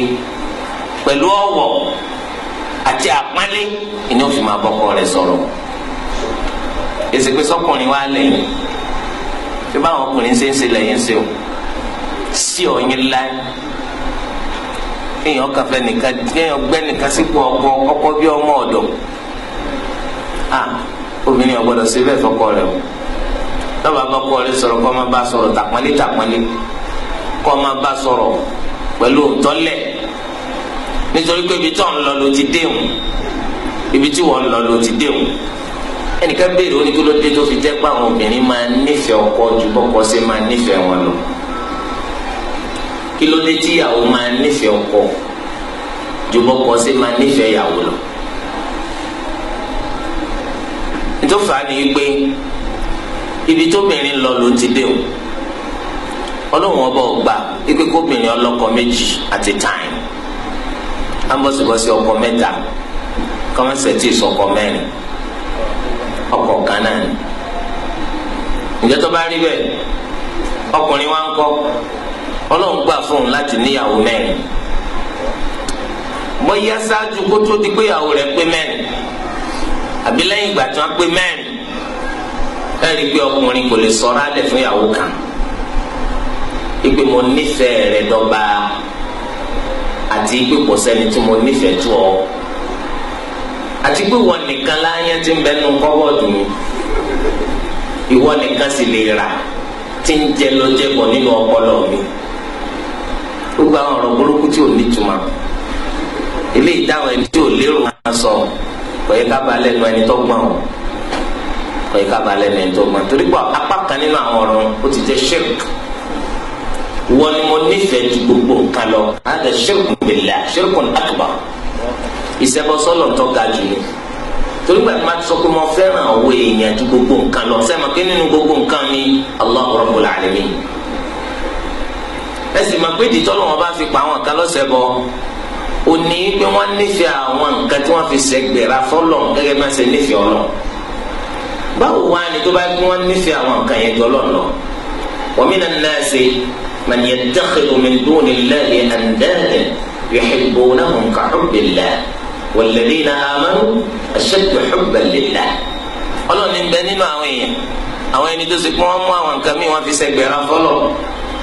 pẹ̀lú ọ̀wọ̀ àti àpọ́nlé ni ó fi máa bọ́kọ rẹ̀ sọ̀rọ̀ èsì pé sọkùnrin wa lẹ́yìn tí báwọn ọkùnrin ṣe ń ṣe lẹ́yìn ṣe o sí ọ̀yin láì kéèyàn kan fẹ́ nìkan kéèyàn gbẹ́ nìkan sípò ọkọ ọkọ bí ọmọ ọ̀dọ̀ a obìnrin ọ̀gbọ́dọ̀ ṣe bẹ́ẹ̀ fọkọ rẹ̀ o lọ́ba bọ́kọ rẹ̀ sọ̀rọ̀ kọ́ máa bá sọ̀rọ̀ tàpọ́nlé tàpọ́nlé kọ́ máa bá sọ̀rọ̀ pẹ̀lú òtọ́lẹ̀ nítorí pé ibi tó ń lọ ló ti déhùn ibi tí wọ́n ń lọ ló ti déhùn ẹnìkan béèrè oníkólódé tó fi jẹ́ pé àwọn obìnrin máa ń nífẹ̀ẹ́ ọkọ ju bọ́kọ ṣe máa ń nífẹ̀ẹ́ wọn lọ kí ló dé tí ìyàwó máa ń nífẹ̀ẹ́ ọkọ ju bọ́kọ ṣe máa ń nífẹ̀ẹ́ ìyàwó lọ tó fà á ní pé ibi tóbìnrin lọ ló ti dé o ọlọ́run ọba ọgbà ipe kóbìnrin ọlọ́kọ méjì at a time ambọ̀sibọ̀sì ọkọ mẹ́ta kọ́mọ́sẹ̀tì sọkọ mẹ́rin ọkọ kan náà ni ǹjẹ́ tó bá rí bẹ́ẹ̀ ọkùnrin wa ń kọ́ ọlọ́run gbà fún un láti níyàwó mẹ́rin bóyá ṣáájú kó tó di péyàwó rẹ̀ pé mẹ́rin àbí lẹ́yìn ìgbà tí wọ́n pé mẹ́rin ẹ rí i pé ọkùnrin kò lè sọ̀rọ̀ alẹ́ fún ìyàwó kan ìpè mo nífẹ̀ẹ́ rẹ̀ dọ́gba àti pé kò sẹ́ni tí mo nífẹ̀ẹ́ tó ọ àti pé wọ́n nìkan láyé tí ń bẹnu kọ́bọ̀dù mi ìwọ nìkan sì lè rà tí ń jẹ lọ́jẹ̀bọ̀ nínú ọpọlọ mi gbogbo àwọn ọ̀rọ̀ burúkú tí ò ní túmọ̀ ilé ìdáhùn ẹni tí ò lérò máa sọ kò yẹ ká balẹ̀ ẹni tó gbọ́n o kò yẹ ká balẹ̀ nu ẹni tó gbọ́n torí pé apá kan nínú àwọn ọ̀rọ̀ ó ti jẹ́ shirk wọ́n ní mo nífẹ̀ẹ́ ju gbogbo nǹkan lọ hada shirkun billah shirkun akbar ìṣẹ́bọsọ́lọ̀ tó ga jù ní torí pé àtúmọ̀ sọ pé mo fẹ́ràn àwọn èèyàn ju gbogbo nǹkan lọ sẹ́mi pé nínú gbogbo nǹkan mi Allahu rabbul alamin ẹ sì mọ̀ pé ìdí tọ́lọ́ wọn bá fi pa àwọn kan lọ́sẹ̀ bọ́ ò ní pé wọ́n nífẹ̀ẹ́ àwọn nǹkan tí wọ́n fi ṣẹgbẹ̀rà fọ́lọ̀ gẹ́gẹ́ bí ṣe nífẹ̀ẹ́ ọlọ́ من يتخذ من دون الله أندادا يحبونهم كحب الله والذين آمنوا أشد حبا لله Ọlọ́run ní bẹ nínú àwọn èèyàn àwọn ẹni tó ṣe pé wọn mú àwọn nǹkan míì wọn fi ṣẹgbẹrẹ fọlọ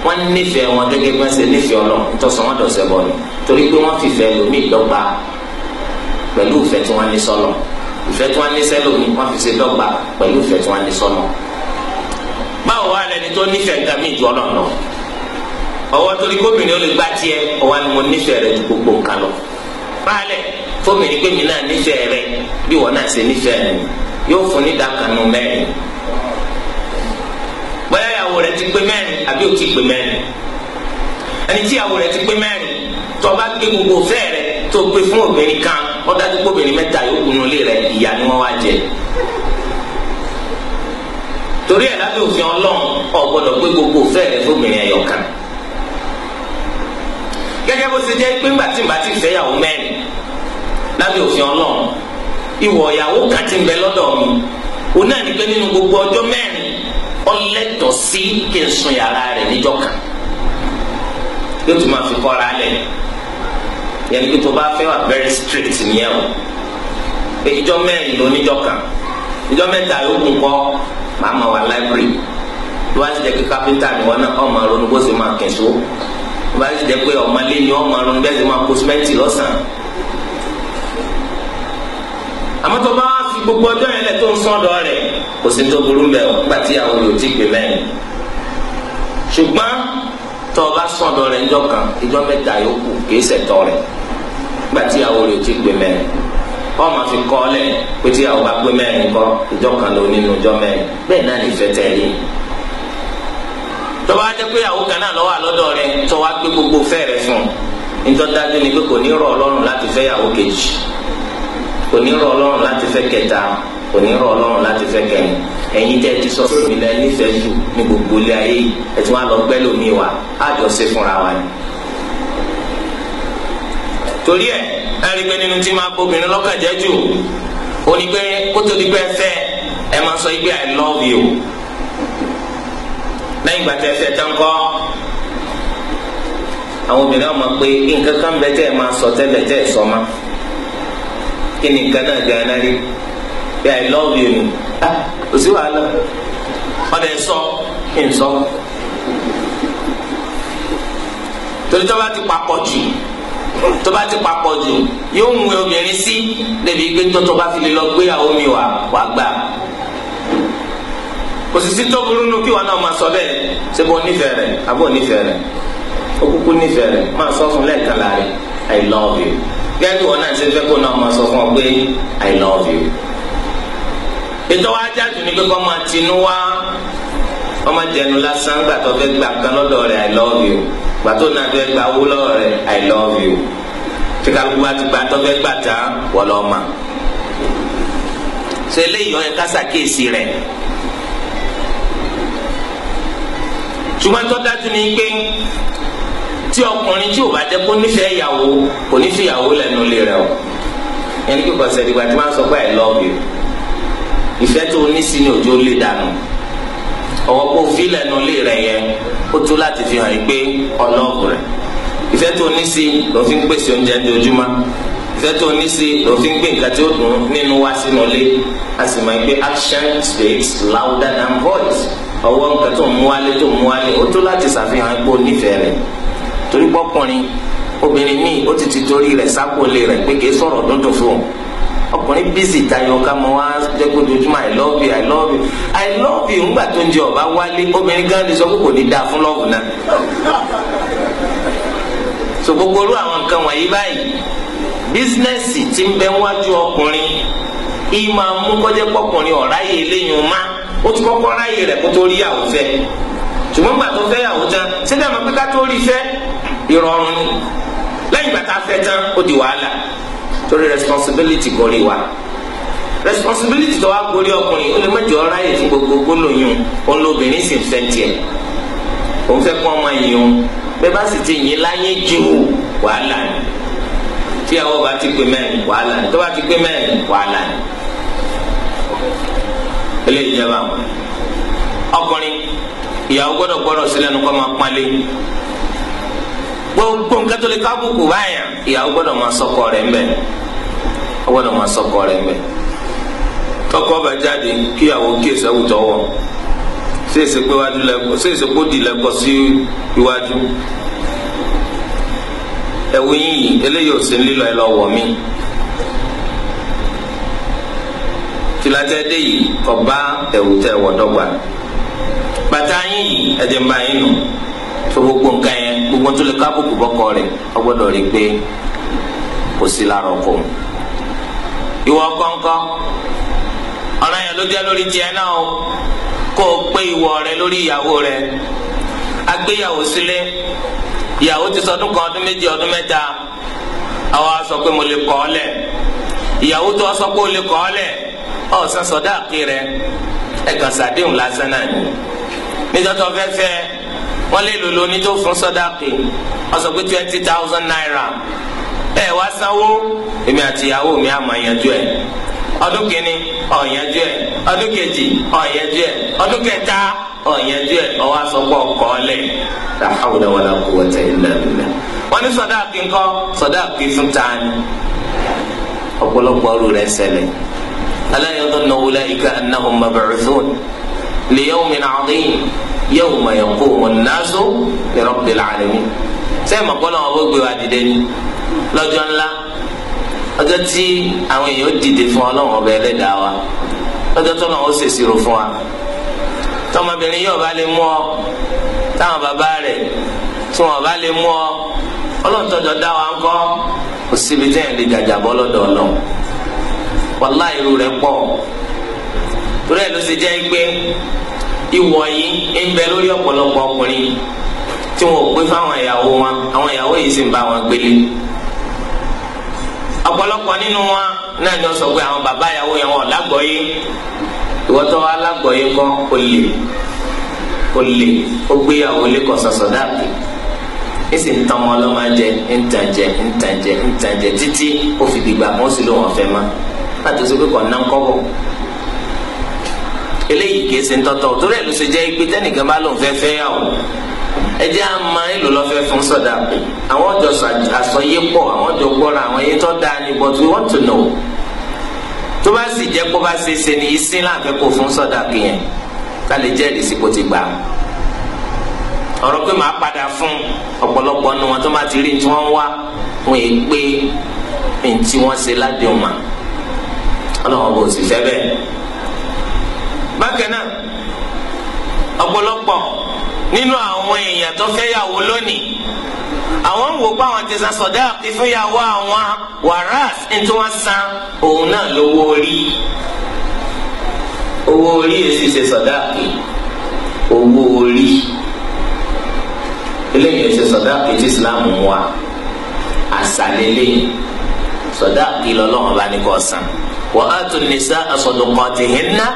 wọn nífẹ̀ẹ́ wọn gẹ́gẹ́ bí wọn ṣe nífẹ̀ẹ́ Ọlọ́run tọsán wọn dọsẹ bọ ni torí pé wọn fìfẹ́ lómi dọ́gba pẹ̀lú ìfẹ́ tí wọn ní sọlọ ìfẹ́ tí wọn ní sẹlómi wọn fi ṣe dọ́gba pẹ̀lú ìfẹ́ tí wọn ní sọlọ. báwo wá lẹni tó nífẹ̀ẹ́ nǹkan míì ju Ọlọ́run lọ ọwọ́ torí kóbìnrin ó lè gbá tiẹ̀ ọwọ́ ni mo nífẹ̀ẹ́ rẹ ju gbogbo nǹkan lọ. báàlẹ̀ fóbìnrin pé mi náà nífẹ̀ẹ́ rẹ bí wọ́n náà ṣe nífẹ̀ẹ́ rẹ yóò fún ní dàkànnù mẹ́rin. bóyá ìyàwó rẹ ti pé mẹ́rin àbí ò ti pé mẹ́rin. ẹni tí ìyàwó rẹ ti pé mẹ́rin tó bá gbé gbogbo fẹ́ rẹ tó gbé fún obìnrin kan ó dájú pé obìnrin mẹ́ta yóò kunu ilé rẹ ìyá ni wọ́n wá jẹ torí ẹ̀ lábẹ́ òfin ọlọ́run ò gbé gbogbo fẹ́ẹ̀ rẹ fóbìnrin ẹ̀yọ̀kan gẹ́gẹ́ bó ṣe jẹ́ pé ńgbà tí ńgbà tí ń fẹ́yàwó mẹ́rin lábẹ́ òfin ọlọ́run ìwọ̀ ìyàwó kan ti ń bẹ lọ́dọ̀ mi òun náà ní pé nínú gbogbo ọjọ́ mẹ́rin ọlẹ́tọ̀ sí kí n sun yàrá rẹ̀ níjọ́ kan yóò tún máa fi kọ́ra lẹ̀ yẹnni pé tó bá fẹ́ wà very strict nìyẹn o pé ìjọ́ mẹ́rin ló níjọ́ kan ìjọ́ mẹ́ta yóò kún kọ́ màá ma wà library lọ́wọ́ àti jẹ́ kí kápẹ́ntà ni wọ́n náà ọ̀ ronú bó ṣe máa kẹ̀só wọ́n bá ti jẹ́ pé ọmọlé ni wọ́n máa ronú bẹ́ẹ̀ ti máa kó símẹ́ǹtì lọ́sàn-án. àmọ́ tó bá fi gbogbo ọjọ́ yẹn lẹ̀ tó ń sọ́dọ̀ rẹ̀ kò sí tó burú mẹ́ o nígbà tí àwọn yóò ti gbé mẹ́rin. ṣùgbọ́n tó o bá sọ́dọ̀ rẹ̀ ńjọ́ kan ìjọ́ mẹ́ta yòókù kì í ṣẹ̀tọ́ rẹ̀ nígbà àwọn yóò ti gbé mẹ́rin wọ́n máa fi kọ́ ọ lẹ̀ pé tí àwọn bá gbé mẹ́rin kọ́ ìjọ́ tó bá jẹ́ pé àwọn kan náà ló wà lọ́dọ̀ rẹ̀ gbé gbogbo fẹ́ rẹ̀ fún un nítorí ni pé kò ní rọ̀ ọlọ́run láti fẹ́ ìyàwó kejì kò ní rọ̀ ọlọ́run láti fẹ́ kẹta kò ní rọ̀ ọlọ́run láti fẹ́ kẹrin ẹ̀yin tẹ́ ti sọ fún mi lẹ́yìn nífẹ̀ẹ́ jù ní gbogbo ilé ayé yìí ẹ ti wá lọ gbẹ́ lómi wa àjọṣe fúnra wa ni. torí ẹ ẹ rí i pé nínú tí máa bóbìnrin lọ́kàn jẹ́ jù ó ní pé kó tó di fẹ́ ẹ máa sọ pé i love you lẹ́yìn ìgbà tẹ́ tán kọ́ àwọn obìnrin ọmọ pé nǹkan kan bẹ tẹ́ ẹ máa sọ tẹ́lẹ̀ tẹ́ ẹ sọ ma kí ni nǹkan náà gbẹ náà bí i love you ni ah, kò sí wàhálà ọ̀dẹ̀ ń sọ kí n sọ torí tó bá ti papọ̀ jù tó bá ti papọ̀ jù yóò mú obìnrin sí débi pé tó tó bá fi lè lọ gbéyàwó mi wà wà gbà sì sí tó burú nu kí wọn náà máa sọ bẹ́ẹ̀ ṣé bó nífẹ̀ẹ́ rẹ̀ àbó nífẹ̀ẹ́ rẹ̀ ó kúkú nífẹ̀ẹ́ rẹ̀ máa sọ fún lẹ́ẹ̀kan láàrin i love you gẹ́gẹ́ bí wọn náà ṣe fẹ́ kó náà máa sọ fún ọ pé i love you. ètò wa jáde ní pé kó máa tinú wá ọmọ jẹnu lásán gbà tó fẹ́ gbà kan lọ́dọ̀ rẹ̀ i love you gbà tó náà fẹ́ gbà owó lọ́dọ̀ rẹ̀ i love you tí kálukú bá ti gbà tó fẹ́ gbà tá wọ́n lọ́ọ́ ma. ṣe eléyìí ọ̀ ṣùgbọ́n tó dájú ni pé tí ọkùnrin tí ò bá jẹ́ kó nífẹ̀ẹ́ ìyàwó kò nífẹ̀ẹ́ ìyàwó lẹ́nu ilé rẹ̀ o ẹni kí kò sẹ́ni ìgbà tí wọ́n á sọ pé I love you ìfẹ́ tó ní sí ni òjò lè dànù ọwọ́ kó fi lẹ́nu ilé rẹ̀ yẹn ó tó láti fi hàn yín pé ọlọ́ọ̀bù rẹ̀ ìfẹ́ tó ní sí ló fi ń pèsè oúnjẹ dojúmọ́ ìfẹ́ tó ní sí ló fi ń gbé nǹkan tí ó dùn nínú wá sínú ilé a sì mọ̀ pé action speaks louder than voice ọwọ́ nǹkan tó ń mú wálé tó ń mú wálé ó tó láti ṣàfihàn ipò nífẹ̀ẹ́ rẹ̀ torí pọ́kùnrin obìnrin míì ó ti ti torí rẹ̀ sápòlé rẹ̀ pé kì sọ̀rọ̀ dúndùn fún ọkùnrin bísí tayọ ká mọ wá jẹ́ kó dojúmọ́ i love you i love you i love you ńgbà tó ń jẹ ọba wálé obìnrin gan ni sọ pé kò ní dáa fún lọ́ọ̀bù náà so gbogbo orú àwọn nǹkan wọ̀nyí báyìí bísínẹ́sì ti ń bẹ wájú ọkùnrin ìmọ̀ àmúkọ́jẹ́pọ̀kùnrin ọ̀ráyè eléyìí má o ti kọ́kọ́ ráyè rẹ̀ kó tó rí ìyàwó fẹ́ ṣùgbọ́n gbà tó fẹ́ ìyàwó tán ṣé dáhùn pé ká tó rí fẹ́ ìrọ̀rùn ni lẹ́yìn ìgbà tá a fẹ́ tán ó di wàhálà torí responsibility gorí wa responsibility tó wá gorí ọkùnrin ó lè mẹ́jọ ráyè fún gbogbo gbólóyún òun lóbìnrin sì ń fẹ́ tiẹ̀ òun fẹ́ kó ọmọ yìí òun bẹ́ẹ̀ bá sì ti yìn láyé jù wàhálà ni tíyàwó bá ti pè mẹ́rin wàhálà ni tó bá ti pè mẹ́rin wàhálà ni eléyìí jẹba ọkùnrin ìyàwó gbọ́dọ̀ gbọ́dọ̀ sílẹ̀ nu kọ máa pálí gbogbo nǹkan tó lè ká bùkù báyà ìyàwó gbọ́dọ̀ máa sọkọ rẹ̀ ń bẹ gbọ́dọ̀ máa sọkọ rẹ̀ ń bẹ tọkọ bá jáde kíyàwó kíyèsí àwùjọ wọ ṣèṣe pé wájú lẹkọ ṣèṣe pé ó di lẹkọ sí iwájú ẹwù yìí eléyìí ò sí lílọ ẹ lọ wọ mí. filatẹ de yìí kò bá ẹ̀wù tẹ wọ̀ dọ́gba bàtà yín yìí ẹdẹ ń bá yín nù tó gbogbo nǹkan yẹn gbogbo tó lè kábùkù bọkọ rẹ̀ ọgbọ́dọ̀ rí pé kò sí lára ọkọ ìwọ kọńkọ ọ̀ràn yẹn ló jẹ́ lórí tiẹ̀ náà o kó o pé ìwọ rẹ̀ lórí ìyàwó rẹ̀ agbéyàwó sílé ìyàwó ti sọdún kan ọdún méjì ọdún mẹ́ta àwọn aṣọ pé mo lè kọ́ ọ ìyàwó tó aṣọ pé o lè kọ́ ọ ọ̀sán sọ̀dá àpè rẹ ẹ̀kan sàdéhùn lásán náà nítorí fẹ́fẹ́ wọ́n lè lò lóní tó fún sọ̀dá àpè ọ̀sán pé twenty thousand naira ẹ̀ wá sanwó èmi àti ìyàwó mi àmọ̀ ìyànjú ẹ̀ ọdún kìíní ọ̀yànjú ẹ̀ ọdún kejì ọ̀yànjú ẹ̀ ọdún kẹta ọ̀yànjú ẹ̀ ọwọ́ asọ́pọ̀ kọ́ọ̀lẹ̀ la hawla wala quwwata illa billah. wọ́n ní sọ̀dá àpè ńkọ́ sọ̀dá àpè fún tani ọ̀pọ̀lọpọ̀ ọrù rẹ̀ ṣẹlẹ̀ ألا يظن أولئك أنهم مبعوثون ليوم عظيم يوم يقوم الناس لرب العالمين sẹ́yìn mọ̀kọ́lọ́ wọn gbogbo wa dìde ni lọ́jọ́ ńlá ọjọ́ tí àwọn èèyàn dìde fún ọlọ́run ọba ẹlẹ́dàá wa lọ́jọ́ tó lọ́wọ́ ṣèṣirò fún wa tọmọbìnrin yóò bá lè mú ọ táwọn bàbá rẹ̀ tí wọn bá lè mú ọ ọlọ́run tọ́jọ́ dá wa ńkọ́ òsibítẹ́yìn lè jàjàbọ́ lọ́dọ̀ ọlọ́run wàlá irú rẹ̀ pọ̀ torí ẹ̀ ló ṣe jẹ́ pé ìwọ yìí ń bẹ lórí ọ̀pọ̀lọpọ̀ ọkùnrin tí wọn ò pé fáwọn ìyàwó wọn àwọn ìyàwó yìí sì ń bá wọn gbélé ọ̀pọ̀lọpọ̀ nínú wọn náà ni wọ́n sọ pé àwọn bàbá ìyàwó yẹn wọn ò lágbọ̀ọ́yé ìwọ́tọ́ alágbọ̀ọ́yé kan kò lè kò lè ó gbéyàwó lẹ́kọ̀ọ́ sọ̀sọ̀ dáàbò esi ntọmọlọ ma jẹ ntàjẹ ntàjẹ ntàjẹ títí ó fi dìgbà mọ́sí ló wọn fẹ́ ma láti ṣe pé kò ná kọ́bọ̀ eléyìí kìí ṣe ń tọ́tọ́ torí ẹ̀ ló ṣe jẹ́ ipe tẹ́nìkan bá lòun fẹ́ fẹ́ yà o ẹ jẹ́ àmọ́ èlò lọ́fẹ́ fún sọ̀dà àwọn ọjọ́ àsọyé pọ̀ àwọn ọjọ́ gbọ́ra àwọn ẹyẹ tó dáa ni but we want to know tó bá sì jẹ́ kó bá ṣe ṣe ni ìsín láàfẹ́ kó fún sọ̀dà kìyẹn ká lè jẹ́rìí sí kó ti gbà ọ̀rọ̀ pé màá padà fún ọ̀pọ̀lọpọ̀ ọ̀nà wọn tó má ti rí ní tí wọ́n wá wọn è pé ní tí wọ́n ṣe ládéhùn máa ọlọ́wọ́n bò sì fẹ́ bẹ́ẹ̀. bákan náà ọ̀pọ̀lọpọ̀ nínú àwọn èèyàn tó fẹ́ yàwó lónìí àwọn ń wò pé àwọn ti san sọ̀dá àti fẹ́yàwó àwọn wàràs tí wọ́n san òun náà lówó orí owó orí èsì ṣe sọ̀dá àti owó orí eléyìí ṣe sọdáàkì tí islam wà àṣàlélẹ sọdáàkì lọ́lọ́run bá ní kó san wa atu nisaa sadaqatihinna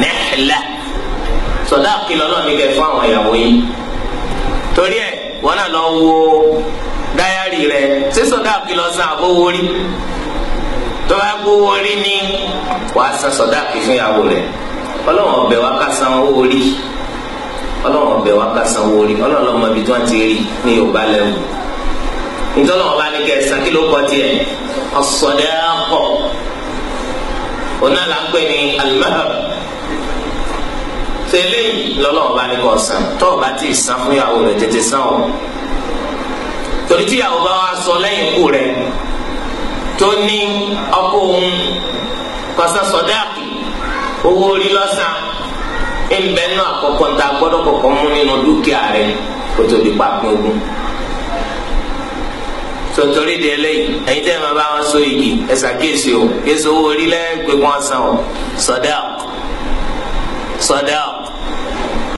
nihla sọdá kìlọ̀ náà ní kẹ fún àwọn ìyàwó yìí torí ẹ wọn náà lọ wo dáyàrí rẹ ṣé sọdá kìlọ̀ san àbówó rí tó bá gbówó rí ní wàá san sọdá kì fún ìyàwó rẹ ọlọ́wọ́n ọbẹ̀ wa ká san owó rí ọlọ́wọ́n ọbẹ̀ wa ká san owó rí ọlọ́wọ́n lọ́mọ ibi tí wọ́n ti rí ní yorùbá lẹ́wù nítorí wọn bá ní kẹ san kí ló kọ tiẹ̀ ọ̀sọ̀dẹ́ akọ ọ̀nà là ń pè ní alimahab tẹ́lẹ̀ lọ́lọ́wọ́ bá ní kò san tó o ti san fún ìyàwó rẹ̀ tètè san o torí tí ìyàwó bá wá sọ lẹ́yìn ikú rẹ̀ tó ní ọkọ òun kọsá sọdáàkì owó orí lọ́sàn ń náà àkọ́kọ́ ń ta gbọ́dọ̀ kọ̀ọ̀kan mú nínú dúkìá rẹ̀ kó di pa pín sọtori de eléyìí ẹ̀yin tẹ́ ẹ máa bá wọn so igi ẹ ṣàkíyèsí o kéésì owó orí lẹ́gbẹ̀ẹ́ wọn san o sọdá sọdá.